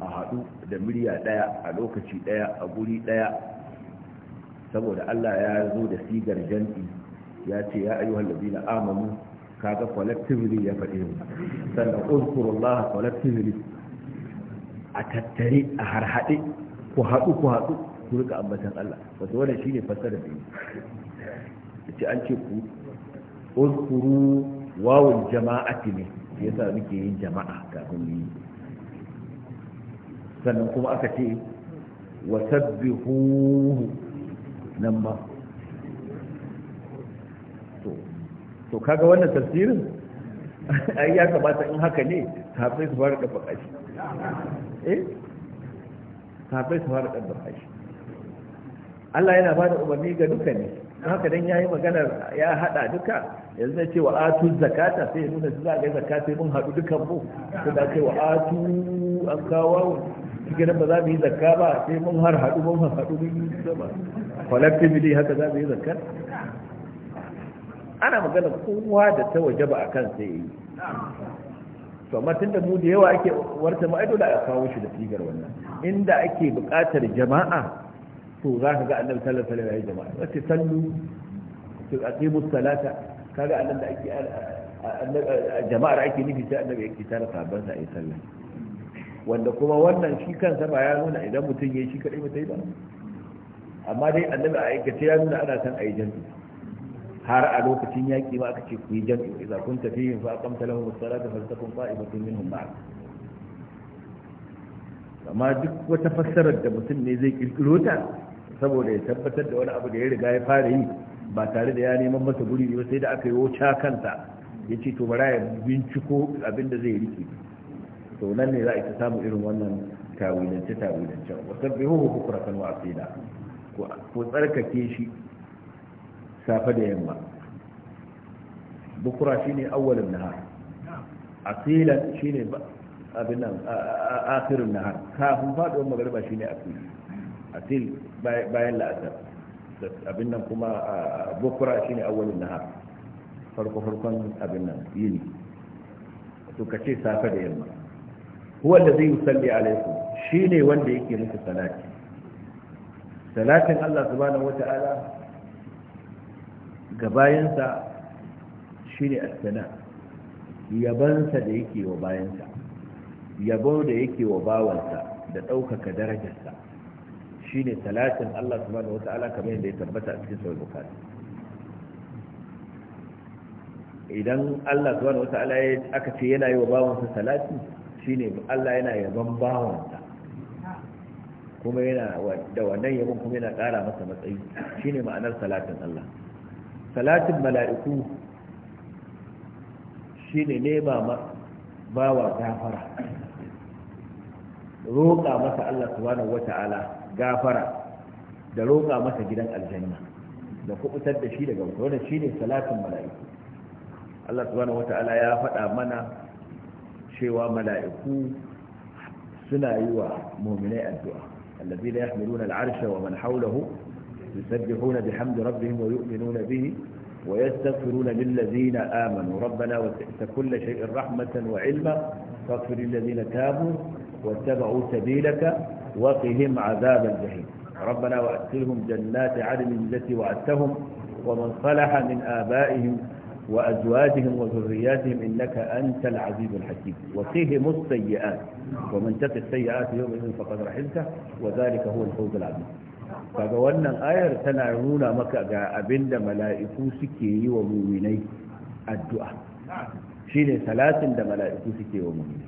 a haɗu da murya ɗaya a lokaci ɗaya a guri ɗaya saboda Allah ya zo da sigar jan'i ya ce ya ayyuhal ladina amanu kaga collectively ya faɗi sannan uzkurullah collectively tattare a harhaɗe ku haɗu ku haɗu ku rika ambatan Allah wato wannan shine fassara da yi ce an ce ku uzkuru wawul jama'ati ne yasa muke yin jama'a kafin yi sannan kuma aka ce wasabbihu nan ma to kaga wannan tafsirin ai ya kamata in haka ne kafin su fara dafa kashi kafin eh? sahabbai su fara kaddara shi Allah yana da umarni ga duka ne haka dan yayi maganar ya hada duka yanzu ya ce wa atu zakata sai nuna su za ga zakata sai mun hadu dukan mu sai da ce wa atu an kawo cikin ba za mu yi zakka ba sai mun har hadu mun har hadu mun yi zama collectively haka za mu yi zakka ana magana kowa da ta wajaba akan sai yi to amma tunda mu da yawa ake warta mu dole a kawo shi da sigar wannan inda ake buƙatar jama'a to za ka ga annabi sallallahu alaihi wasallam ya jama'a wace sallu to aqimu salata kaga annabi da ake jama'ar ake nufi sai annabi yake tara sabon sa ayi sallah wanda kuma wannan shi kansa ba ya nuna idan mutum ya yi shi kadai mutai ba amma dai annabi a aikace ya nuna ana san ayi jami'a har a lokacin yaƙi ba aka ce ku yi jam'i idza kunta fihim fa aqamta lahum as-salata faltakun qa'imatun minhum ma'ak amma duk wata fassarar da mutum ne zai kirkiro ta saboda ya tabbatar da wani abu da ya riga ya fara yi ba tare da ya neman masa guri ba sai da aka yi wuce kanta ya ce to bara ya binciko abin da zai rike to nan ne za a ta samu irin wannan tawilance tawilance wa sabbihu bukratan wa asila ko tsarkake shi safe da yamma bukura shine awwalin nahar asilan shine abin nan akhirin nahar kafin faduwar magariba shine asil asil bayan la'asar abin nan kuma bukura shine awwalin nahar farko farkon abin nan yini to kace safe da yamma huwa allazi yusalli alaikum shine wanda yake muku salati salatin Allah subhanahu wata'ala ga bayansa shi ne asana yabansa da yake wa bayansa yabo da yake wa bawansa da ɗaukaka darajarsa shi ne talatin Allah wata wata'ala kamar yadda ya tabbata a cikin sauyi bukatu idan Allah subhanahu wata'ala aka ce yana yi wa bawansa talatin shi ne Allah yana yaban bawansa kuma yana da wannan yabon kuma yana ƙara masa matsayi shi ne ma'anar talatin Allah salatin mala'iku shi ne nema bawa gafara roƙa masa Allah subhanahu wata'ala gafara da roƙa masa gidan aljanna da kubutar da shi daga wuta shi ne salatin mala'iku Allah subhanahu wata'ala ya faɗa mana cewa mala'iku suna yi wa mu'minai addu'a allazina yahmiluna al'arsha wa man hawlahu يسبحون بحمد ربهم ويؤمنون به ويستغفرون للذين آمنوا ربنا وسعت كل شيء رحمة وعلما فاغفر للذين تابوا واتبعوا سبيلك وقهم عذاب الجحيم ربنا وأدخلهم جنات عدن التي وعدتهم ومن صلح من آبائهم وأزواجهم وذرياتهم إنك أنت العزيز الحكيم وقهم السيئات ومن تقي السيئات يومئذ فقد رحمته وذلك هو الفوز العظيم kaga wannan ayar tana nuna maka ga abinda mala'iku suke yi wa muminai addu'a Shi ne salatin da mala'iku suke wa muminai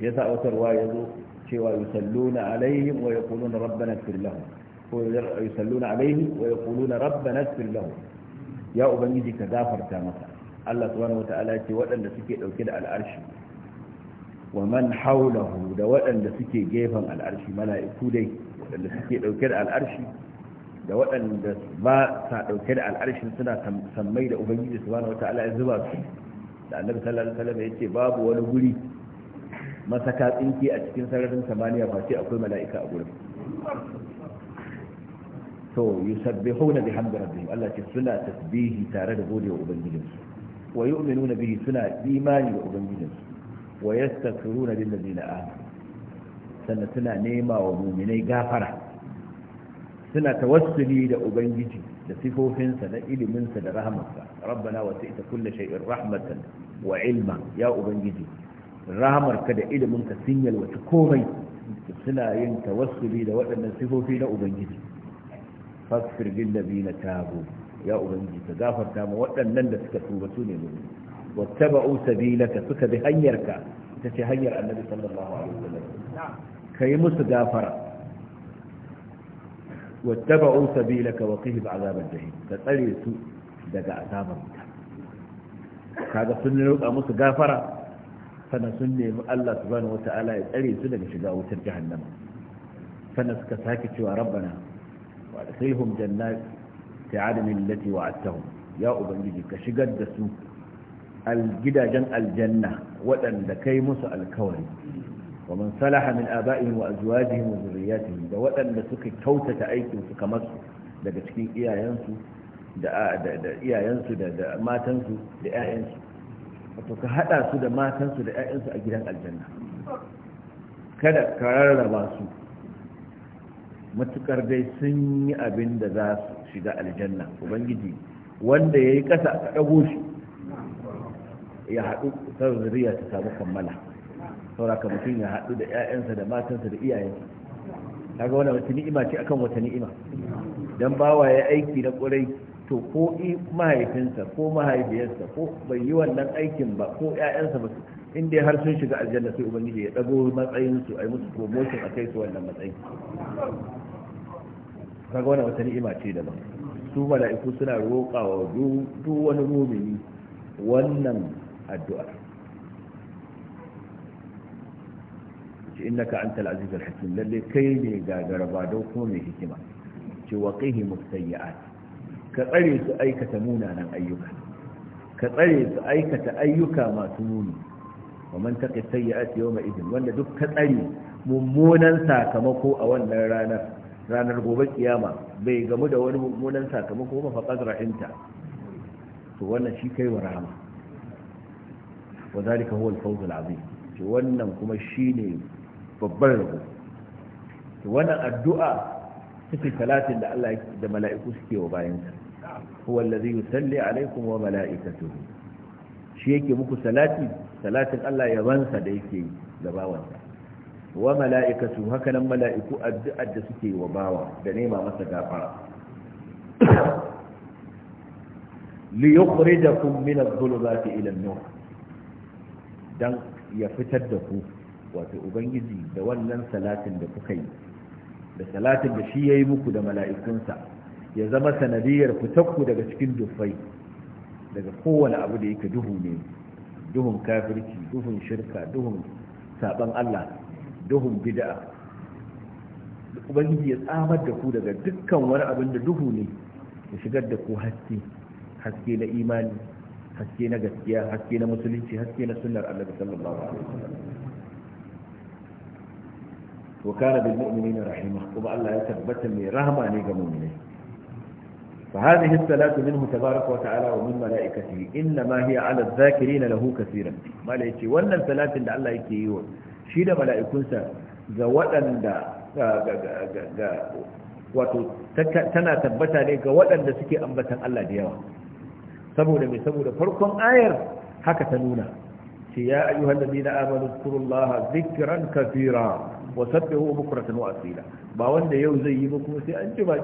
yasa autarwa yazo cewa yusalluna alaihim wa yaquluna rabbana ighfir lahum ko yusalluna alaihim wa yaquluna rabbana ighfir ya ubangiji ka gafarta masa Allah subhanahu wataala ya ce waɗanda suke ɗauke da al'arshi wa man haulahu da waɗanda suke gefen al'arshi mala'iku dai waɗanda suke ɗauke da al'arshi da waɗanda ba sa ɗauke da al'arshin suna sammai da ubangiji su bane wata'ala ya zuba su da annabi sallallahu alaihi ya ce babu wani guri masaka tsinki a cikin sararin samaniya ba ce akwai mala'ika a gurin to yusabbihuna bihamdi rabbihim Allah ce suna tasbihi tare da gode wa ubangijinsu wa yu'minuna bihi suna imani da ubangijinsu wa yastakbiruna lil ladina amanu sannan suna nema wa mu'minai gafara suna tawassuli da ubangiji da sifofinsa da iliminsa da rahamarsa rabbana wasi'ta kulle shay'in rahmatan wa ilma ya ubangiji rahamarka da iliminka sun yalwaci komai suna yin tawassuli da waɗannan sifofi na ubangiji fasfir lil ladina tabu ya ubangiji ka gafarta ma waɗannan da suka tuba su ne mu'mini wattaba'u sabilaka suka bi hanyarka ita ce hanyar annabi sallallahu alaihi wasallam kai musu gafara wattaba'u sabilaka wa qihim azaban jahim ka tsare su daga wuta kaga sun roƙa musu gafara sannan sun nemi Allah subhanahu wata'ala ya tsare su daga shiga wutar jahannama sannan suka sake cewa rabbana wa adkhilhum jannati adnin allati wa'adtahum ya ubangiji ka shigar da su gidajen aljanna waɗanda kai musu alkawari wa man salaha min aba'ihim wa azwajihim wa zurriyyatihim da waɗanda suka kyautata aikin su kamar su daga cikin iyayensu da da iyayensu da da matansu da ƴaƴansu wato ka hada su da matansu da ƴaƴansu a gidan aljanna kada ka rarraba su matukar dai sun yi abin da za su shiga aljanna ubangiji wanda yayi kasa ka dago shi ya haɗu san zuriya ta samu kammala ka mutum ya haɗu da 'ya'yansa da matansa da iyayensa kaga wannan wata ni'ima ce akan wata ni'ima dan bawa ya aiki na ƙurai to ko mahaifinsa ko mahaifiyarsa ko bai yi wannan aikin ba ko 'ya'yansa ba in dai har sun shiga aljanna sai ubangiji ya ɗago matsayin su yi musu promotion a kai su wannan matsayin kaga wannan wata ni'ima ce daban su mala'iku suna roƙawa wa duk wani mumini wannan addu'a ce innaka antal aziz al-hakim lalle kai ne gagara ba don kuma mai hikima ce wa qihi musayyi'at ka tsare su aikata munanan ayyuka ka tsare su aikata ayyuka masu muni wa man taqi sayyi'at mai idin wanda duk ka tsare mummunan sakamako a wannan ranar ranar gobe kiyama bai gamu da wani mummunan sakamako ba fa qad rahimta to wannan shi kai wa rahama wa zalika huwa al-fawz al-azim to wannan kuma shine babban rabo to wannan addu'a take talatin da Allah da mala'iku suke wa bayansa huwa allazi yusalli alaikum wa mala'ikatuhu shi yake muku salati salatin Allah yabansa da yake da bawansa wa mala'ikatu haka nan mala'iku addu'ar da suke wa bawa da nema masa gafara li yukhrijakum min adh-dhulumati ila an-nur don ya fitar da ku wato ubangiji da wannan salatin da kuka yi da salatin da shi ya yi muku da mala'ikunsa ya zama sanadiyar fitakku daga cikin dufai daga kowane abu da yake duhu ne duhun kafirci duhun shirka duhun saban Allah duhun bid'a ubangiji ya tsamar da ku daga dukkan wani abin da duhu ne ya shigar da ku haske haske na imani haske na gaskiya haske na musulunci haske na sunnar annabi sallallahu alaihi wasallam wa kana bil mu'minina rahima kuma Allah ya tabbata mai rahama ne ga mu'minai fa hadhihi as-salatu minhu tabaaraka wa ta'ala wa min malaikatihi inna ma hiya 'ala adh-dhakirina lahu kaseeran malaici wannan salatin da Allah yake yi wa shi da mala'ikunsa ga waɗanda ga wato tana tabbata ne ga waɗanda suke ambatan Allah da yawa saboda mai saboda farkon ayar haka ta nuna ce ya ayyuhal ladina amanu zkurullaha zikran kathira wa sabbihu bukratan wa asila ba wanda yau zai yi ba kuma sai an ji ba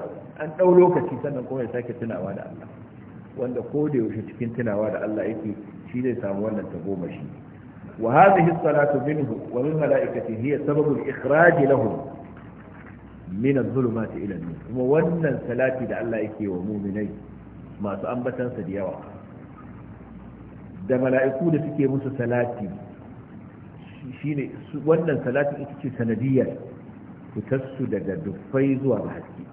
an lokaci sannan kuma ya sake tunawa da Allah wanda ko da yaushe cikin tunawa da Allah yake shi zai samu wannan tagomashi wa hadhihi as minhu wa min malaikatihi hiya sababu al-ikhraj lahum min adh-dhulumati ila an-nur kuma wannan salati da Allah yake wa mu'minai masu ambatansa da yawa da mala'iku da suke musu salati shine wannan salatin ita ce sanadiyar fitarsu daga dufai zuwa ga haske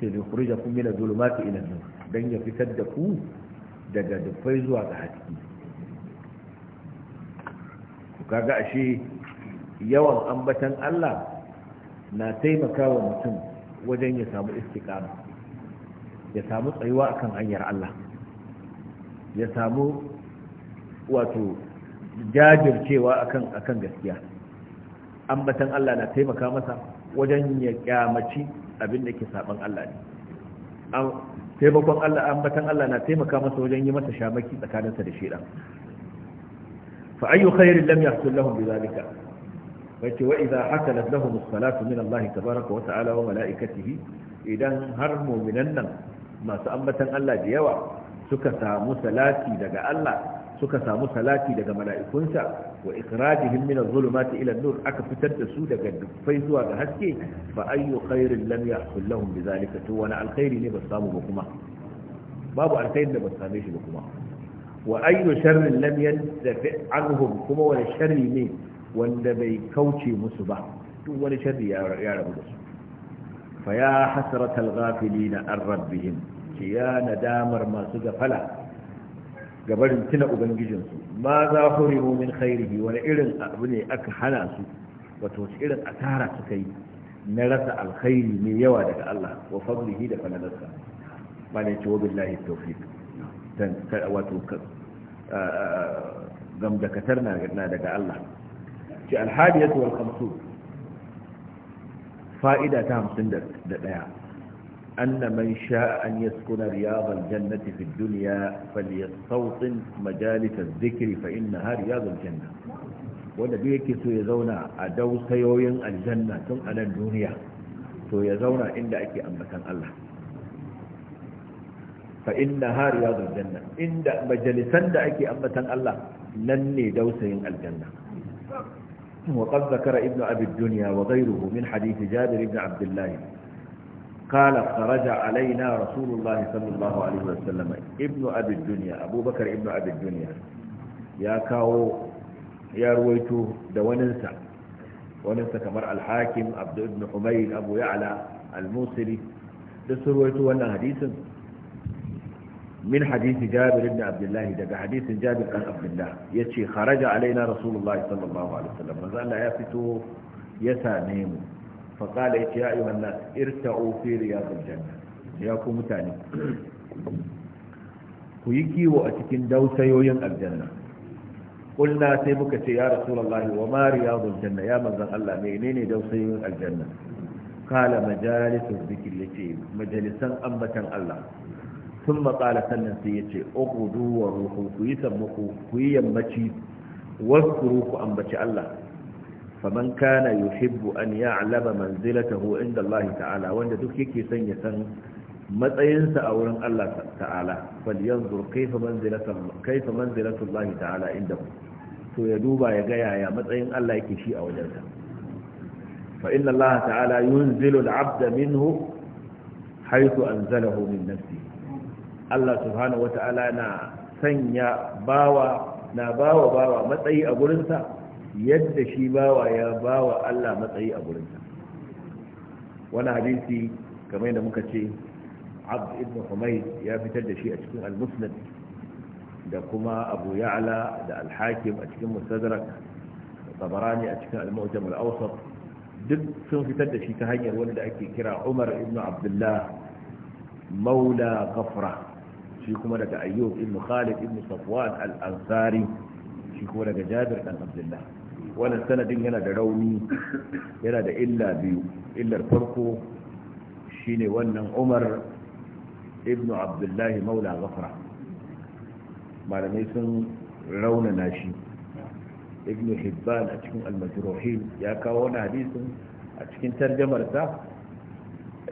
sai da kuri da kuma yana ila nan don ya fitar da ku daga dufai zuwa ga haske kaga ashe yawan ambatan Allah na taimaka wa mutum wajen ya samu istiqama ya samu tsayuwa a kan hanyar Allah ya samu wato jajircewa akan akan gaskiya ambatan Allah na taimaka masa wajen ya kyamaci abin da ke saban Allah ne taimakon Allah ambatan Allah na taimaka masa wajen yi masa shamaki tsakaninsa da shedan fa ayyu khairin lam yahsul lahum bidhalika wace wa idza hakalat lahum as-salatu min Allah tabaaraka wa ta'ala wa malaikatihi idan har mu'minan nan masu ambatan Allah da yawa suka samu salati daga Allah suka samu salati daga mala'ikunsa wa ikhrajihim min Zulma ta ila nur aka fitar da su daga dukkai zuwa ga haske fa ayyu khairin lam yahsul lahum bidhalika to wani alkhairi ne ba su samu ba kuma babu alkhairin da ba same shi ba kuma wa ayyu sharrin da yantafi anhum kuma wani sharri ne wanda bai kauce musu ba duk wani sharri ya rabu da su fa ya hasratal ghafilina an rabbihim ya nadamar masu gafala gabarin tuna ubangijinsu ma za ku min khairihi wani irin abu ne aka hana su wato wasu irin asara suka yi na rasa alkhairi mai yawa daga Allah wa fadlihi da falalarsa ba ne ce wa billahi tawfiq dan wato gamdakatar na daga Allah ce alhadiyatu wal khamsun fa'ida ta hamsin da ɗaya. أن من شاء أن يسكن رياض الجنة في الدنيا فليستوطن مجالس الذكر فإنها رياض الجنة والنبي يكسو يزونا أدو سيوين الجنة ثم على الدنيا تو يزونا عند أكي أمكان الله فإنها رياض الجنة عند مجالسا أكي أمكان الله نني دو سيوين الجنة وقد ذكر ابن أبي الدنيا وغيره من حديث جابر بن عبد الله قال خرج علينا رسول الله صلى الله عليه وسلم ابن أبي الدنيا أبو بكر ابن أبي الدنيا يا كاو يا رويتو دوننسا وننسى كمر الحاكم عبد ابن حميد أبو يعلى الموصلي دس رويتو وانا حديث من حديث جابر بن عبد الله ده حديث جابر بن عبد الله يتي خرج علينا رسول الله صلى الله عليه وسلم ماذا لا يفتو يساميمه faƙala ya ce ya ayyuhan nas irta'u fi riyadil janna ya ku mutane ku yi kiwo a cikin dausayoyin aljanna kulna sai muka ce ya rasulullahi wa ma riyadul janna ya manzon Allah menene dausayoyin aljanna kala majalisul ya ce majalisan ambatan Allah sun maƙala sannan sai ya ce uqudu ruhu ku yi sammaku, ku yi yammaci wasu ku ambaci Allah faman kana yuhibbu an ya'lama manzilatahu inda Allah ta'ala wanda duk yake son ya san matsayinsa a wurin Allah ta'ala falyanzur kayfa manzilatan kayfa manzilatu Allah ta'ala inda to ya duba ya ga yaya matsayin Allah yake shi a wajensa fa inna Allah ta'ala yunzilu al-'abda minhu haythu anzalahu min nafsihi Allah subhanahu wata'ala na sanya bawa na bawa bawa matsayi a wurinsa. yadda shi bawa ya bawa Allah matsayi a gurinsa wani hadisi kamar da muka ce abd ibn humayd ya fitar da shi a cikin al-musnad da kuma abu ya'la da al-hakim a cikin mustadrak tabarani a cikin al-mu'jam al-awsat duk sun fitar da shi ta hanyar wanda ake kira Umar ibn Abdullah maula Ghafra shi kuma daga Ayyub ibn Khalid ibn Safwan al-Ansari shi kuma daga Jabir dan Abdullah wannan sanadin yana da rauni yana da illa biyu illar farko shine wannan umar Ibn abdullahi maula ghafra malamai sun raunana shi Ibn hibban a cikin almajruhin ya kawo wani hadisin a cikin tarjamarsa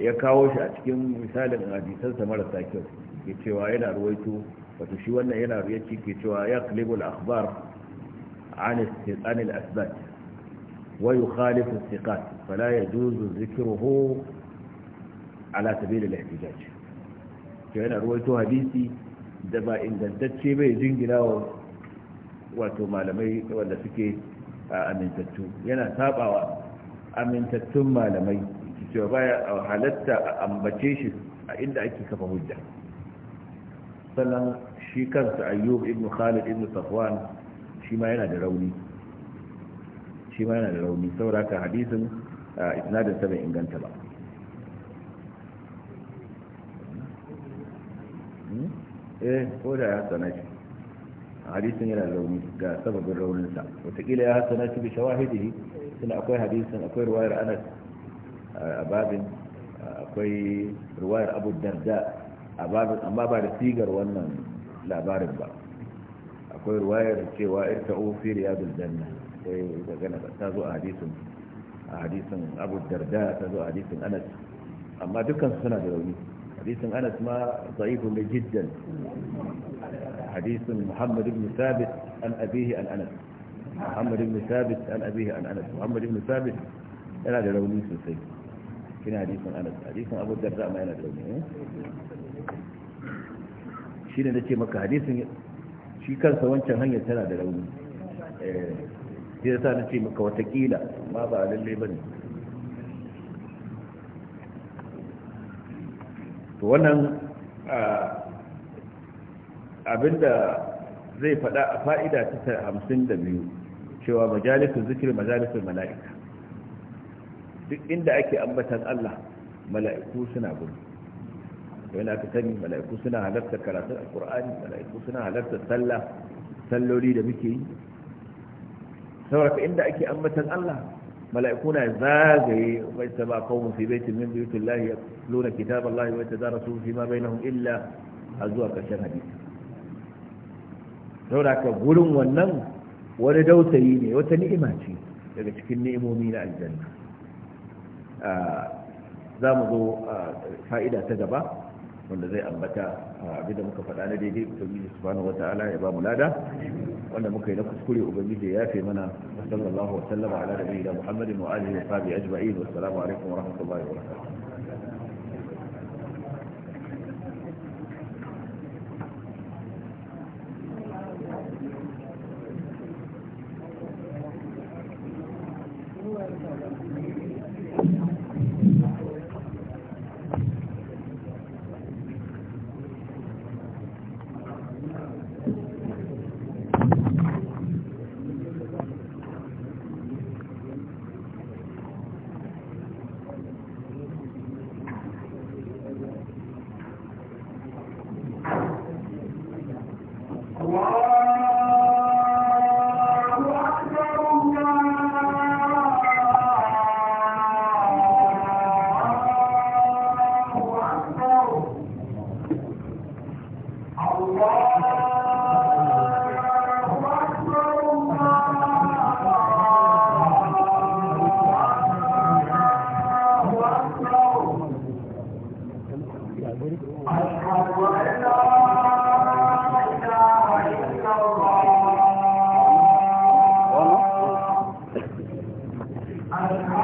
ya kawo shi a cikin misalin hadisansa marasa kyau ke cewa yana ruwaito wato shi wannan yana ruwaito ke cewa ya kalibul akhbar عن الأثبات ويخالف الثقات فلا يجوز ذكره على سبيل الاحتجاج كأن رويته حديثي دبا إن دلتشي بي جنجلا واتو مالمي ولا سكي أمنتتو ينا سابع أمنتتو مالمي cewa baya halatta a ambace shi a inda ake kafa hujja sannan shi kansa ayyub ibn khalid ibn safwan shi ma yana da rauni shi ma yana da rauni saboda haka hadisin ah, isnadin sa inganta ba hmm? eh ko da ya hasana shi a hadisin yana da rauni ga sababin rauninsa watakila ya hasana shi bi shawahidihi suna akwai hadisin akwai ruwayar anas ah, a babin ah, akwai ruwayar abu darda a babin amma ba da sigar wannan labarin ba akwai ruwayar cewa irka'u fi riyadul janna sai gana ta zo a hadisin a hadisin abu darda ta zo a hadisin anas amma dukkan su suna da rauni hadisin anas ma zaifu ne jiddan hadisin muhammad ibn sabit an abihi an anas muhammad ibn sabit an abihi an anas muhammad ibn sabit yana da rauni sosai kina hadisin anas hadisin abu darda ma yana da rauni shi ne da ce maka hadisin shi kansa wancan hanyar tana da rauni eh, sai ya sa na ce maka watakila ma ba a lalle ba ne to wannan abinda zai faɗa a fa'ida ta hamsin da biyu cewa majalisun zikir majalisun mala'ika duk inda ake ambatan Allah mala'iku suna gudu yana aka sani mala'iku suna halartar karatun alkur'ani mala'iku suna halartar sallah salloli da muke yi sauraka inda ake ambatan Allah mala'iku na zagaye wai saba qaumun fi baitin min buyutillahi yatluna kitaballahi zara yatadarasu fi ma bainahum illa a zuwa kashan hadisi sauraka gurin wannan wani dausayi ne wata ni'ima ce daga cikin ni'imomi na aljanna ah, za mu zo ah, fa'ida ta gaba wanda zai ambata abin da muka faɗa na daidai ubangiji subhanahu wata'ala ya ba mu lada wanda muka yi na kuskure ubangiji ya yafe mana sallallahu wa sallama ala da da muhammadin wa alihi wa sahbihi ajma'in wa assalamu alaikum wa rahmatullahi wa barakatuh